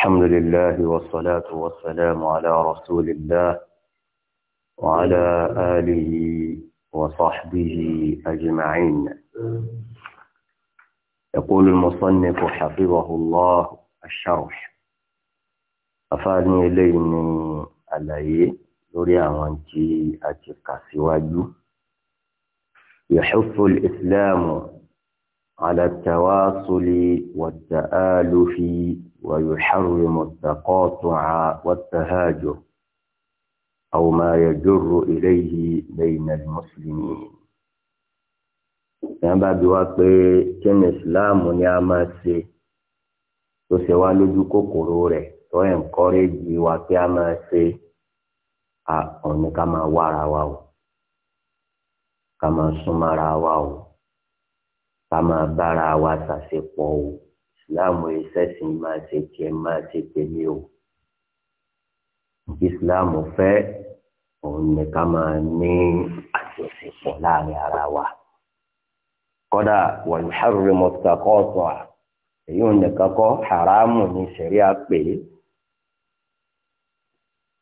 الحمد لله والصلاة والسلام على رسول الله وعلى آله وصحبه أجمعين يقول المصنف حفظه الله الشرح أفاني إليني علي لوري أنتي أتي يحث الإسلام على التواصل والتآلف ويحرم التقاطع والتهاجر أو ما يجر إليه بين المسلمين yẹn bá bí wá pé kí ni ìsìláàmù ni a máa ṣe tó ṣe wá lójú kòkòrò rẹ̀ tó ẹ̀ńkọ́rẹ́jì wa pé a máa ṣe ọ̀nì ká máa wára wa o ká máa súnmọ́ra wa o ká máa bára wa ṣàṣepọ̀ o ìsìláàmù iṣẹ́ sì máa ṣe tiẹ̀ máa ṣe tèmi o ìsìláàmù fẹ́ òun ni ká máa ní àjọṣepọ̀ láàrin ara wa kódà wọ́n ṣàrùrẹ́ mọ́tàkọ́ ọ̀sán à èyí ò nìkan kọ́ haramu ní sẹ̀ríà pé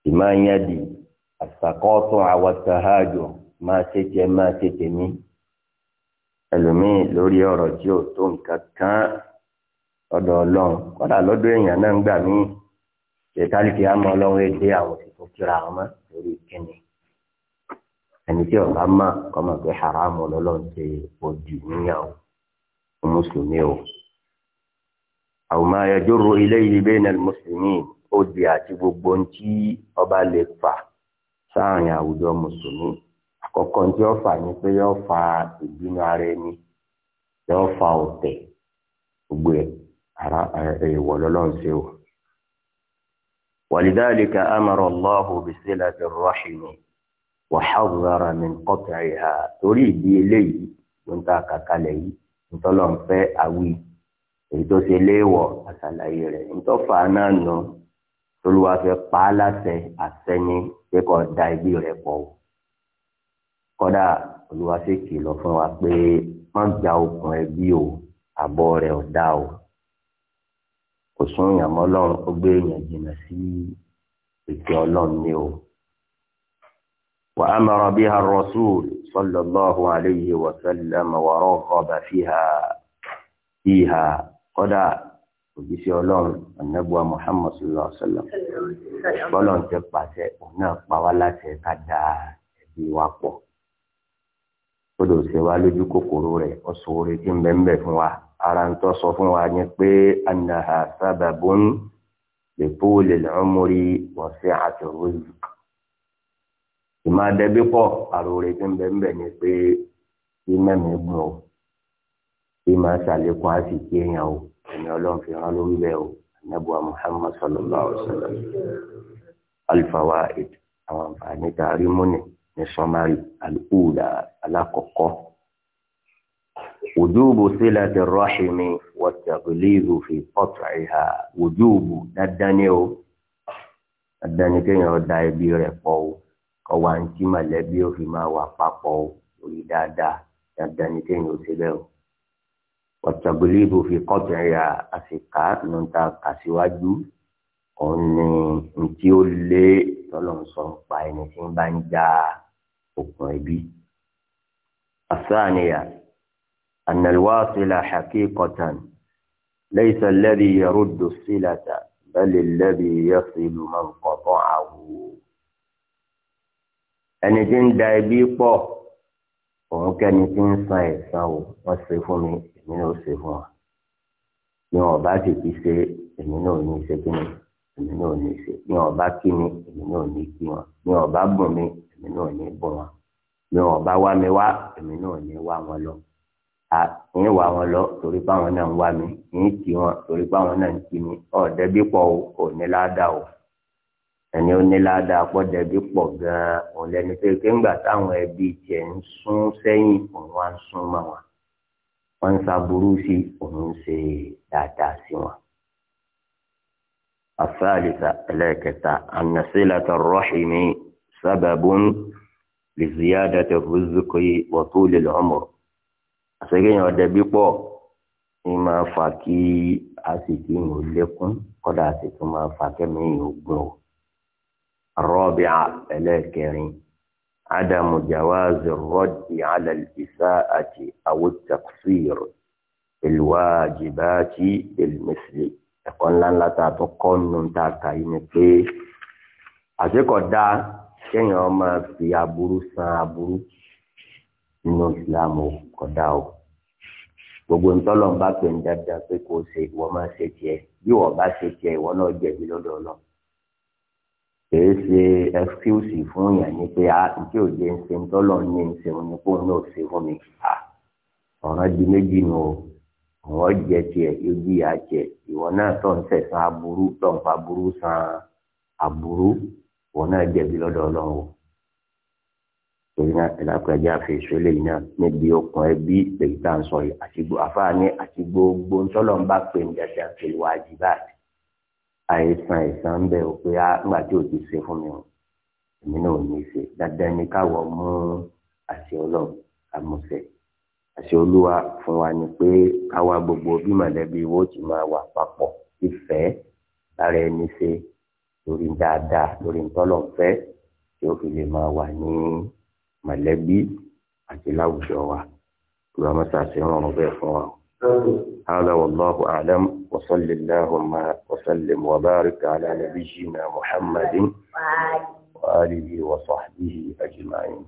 ìmáyàdì àṣàkọ́ọ̀tún àwọn sàhájò máa ṣe tiẹ̀ máa ṣe tèmi ẹlòmíì lórí ọ̀rọ̀ tí ò tó nǹkan kan ọ̀dọ̀ ọlọ́run kọ́dà lọ́dọ̀ èèyàn náà ń gbà mí ṣètàlìkì àmọ́ ọlọ́run èdè àwọn òṣìṣẹ́ kíra àwọn mọ́ lórí kíni ẹni tí ọ̀gá mọ̀ kọ́mọ̀ pé haramu lọ́lọ́run ṣe òdì níyàwó fún mùsùlùmí o àwọn máa ilé yìí náà mùsùlùmí òdì àti gbogbo ohun tí ọba lè fà sáàrin àwùjọ mùsùlùmí kọ̀ọ̀kan tí ó fà ní pé yóò fa ìbínú ara ẹni yóò fa ọ̀tẹ̀ gbogbo ara èèwọ̀ lọ́lọ́run ṣe o. ولذلك أمر الله بصلة الرحم وحذر من قطعها torí ìdí eléyìí ló ń ta kàkálẹ̀ yìí ntọ́lọ́ ń fẹ́ àwí èyí tó ṣe léèwọ̀ àṣàlàyé rẹ̀ ntọ́fà náà nù kọ́dà olúwa ṣe kìlọ̀ fún wa pé má gba okùn ẹbí o àbọ̀ rẹ̀ ò dá o kò sún èèyàn mọ́ ọlọ́run ó gbé èèyàn jìnnà sí ètò ọlọ́run ní o. وأمر بها الرسول صلى الله عليه وسلم ورغب فيها فيها kọ́dà òjíṣẹ́ ọlọ́run anábùwà muhammad sallallahu alayhi wa sallam bọ́lọ̀ ń pàṣẹ òun náà pa wá láṣẹ ká da ẹbí wa pọ̀. kódò ṣe wá lójú kòkòrò rẹ̀ ó sòwòrè tí ń bẹ fún wa ara ń tọ́ sọ fún wa ni pé anaha sábàbùn lè tó lè lọ́mọ́rí wọ́n sí àtẹ̀wéyì. ìmọ̀ adẹ́bí pọ̀ àròrè tí ime bẹ ń bẹ pé kí mẹ́mẹ́ o kí máa ṣàlékún o ẹ̀mí ọlọ́run fi hàn Muhammad sallallahu alaihi wa sallam alifawa ní sọmárì àlùkùdà alákọ̀ọ́kọ́. وجوب صلة الرحم والتغليظ في قطعها وجوب dandan ni o dandan ni kéèyàn da ẹbí rẹ̀ pọ̀ o kọ́ wa ń tí mọ̀lẹ́bí ó fi máa wà papọ̀ o orí dáadáa dandan ni kéèyàn ó ṣe bẹ́ẹ̀ o والتغليظ في قطعها àṣìká ló ń ta kà síwájú òun ni ntí ó lé tọ́lọ́ ń sọ pa ẹni tí ń bá ń já a okùn ẹbí. الثانية أن الواصل حقيقة ليس الذي يرد الصلة بل الذي يصل من قطعه ẹni tí ń da ẹbí pọ̀ òun kẹ́ni tí ń san ẹ̀san o wọ́n ṣe fún mi èmi náà ṣe fún wa ni wọn bá sì ṣe èmi náà ní ṣe kí èmi náà ní ṣe ní ọba kí mi èmi náà ní kí wọn ní ọba bùn mi èmi náà ní bùn wọn ní ọba wá mi wá èmi náà ní wá wọn lọ à ń wá wọn lọ torí páwọn náà ń wá mi ń kí wọn torí páwọn náà ń kí mi ọ̀ọ́dẹ́ bí pọ̀ o ò ní láàdá o ẹni ó ní láàdá pọ̀ dẹ́bí pọ̀ gan-an òun lẹni pé kéńgbà táwọn ẹbí tiẹ̀ ń sún sẹ́yìn òun wá ń sún mọ́ wọn wọ́n ń sa burú sí òun ń ṣe dáadáa sí wọn. الثالثة لكتا أن صلة الرحم سبب لزيادة الرزق وطول العمر àṣeyẹyìn ọdẹ bípọ ni máa fa kí àsìkí yìí ó lékún kódà àsìkí máa fa kẹmí yìí ó gbọn o. rọ́ọ̀bì ẹlẹ́ẹ̀kẹrin ádámù jawazi rọ́ọ̀dì alàlìsá àti àwòtàkùsìrì ìlúwàjìbá ti ìlmẹsìlẹ̀ ẹ̀kọ́ ńláńlá tá a tún kọ́ nù tá a kà yìí ni pé àṣekọ̀dá kéèyàn máa fi aburú san aburú nínú Islam o kọ̀dá o gbogbo ntọ́lọ̀ ń bá pè ń dáadáa pé kò ṣe ìwọ máa ṣe tiẹ̀ bí wọ́n bá ṣe tiẹ̀ ìwọ náà jẹ̀bi lọ́dọ̀ ọ̀nà kìí ṣe ẹ́fíùsì fún yàn ní pé àti ah, òye ń ṣe ntọ́lọ̀ ní ń ṣe òun ní kóun náà ṣe fún mi ah, ọ̀ràn di méjì nù o àwọn jẹ tiẹ̀ ibi yà tiẹ̀ ìwọ náà tó ń sẹ̀sán aburú tó ń fa aburú san aburú ìwọ náà jẹ̀bi lọ́dọ̀ ọlọ́run o torí náà ẹlẹ́pẹ̀jẹ́ àfẹ́sọ́ eléyìí náà níbi okùn ẹbí lèyí tá à ń sọ yìí àti àfáàní àti gbogbo ńsọ́lọ̀ ń bá pè ní ẹ̀sẹ̀ àfẹ́lẹ́ wájú báyìí àìsàn àìsàn ń bẹ̀ ò á ńgbà tí ò ti ṣe fún mi o èmi náà ò ní í ṣe dáadáa ní káwọ́ mú àṣẹ ọlọ́run àmúṣẹ àṣẹ olúwa fún wa ni pé káwa gbogbo bí mọ̀lẹ́bí wo ti máa wà papọ̀ ìfẹ́ lára ẹni ṣe lórí dáadáa lórí ntọ́lọ̀fẹ́ tí ó fi lè máa wà ní mọ̀lẹ́bí àti láwùjọ wa ìwà mọ́sàásì rọrùn bẹ́ẹ̀ fún wa. هذا والله أعلم وصل اللهم وسلم وبارك على نبينا محمد وآله وصحبه أجمعين.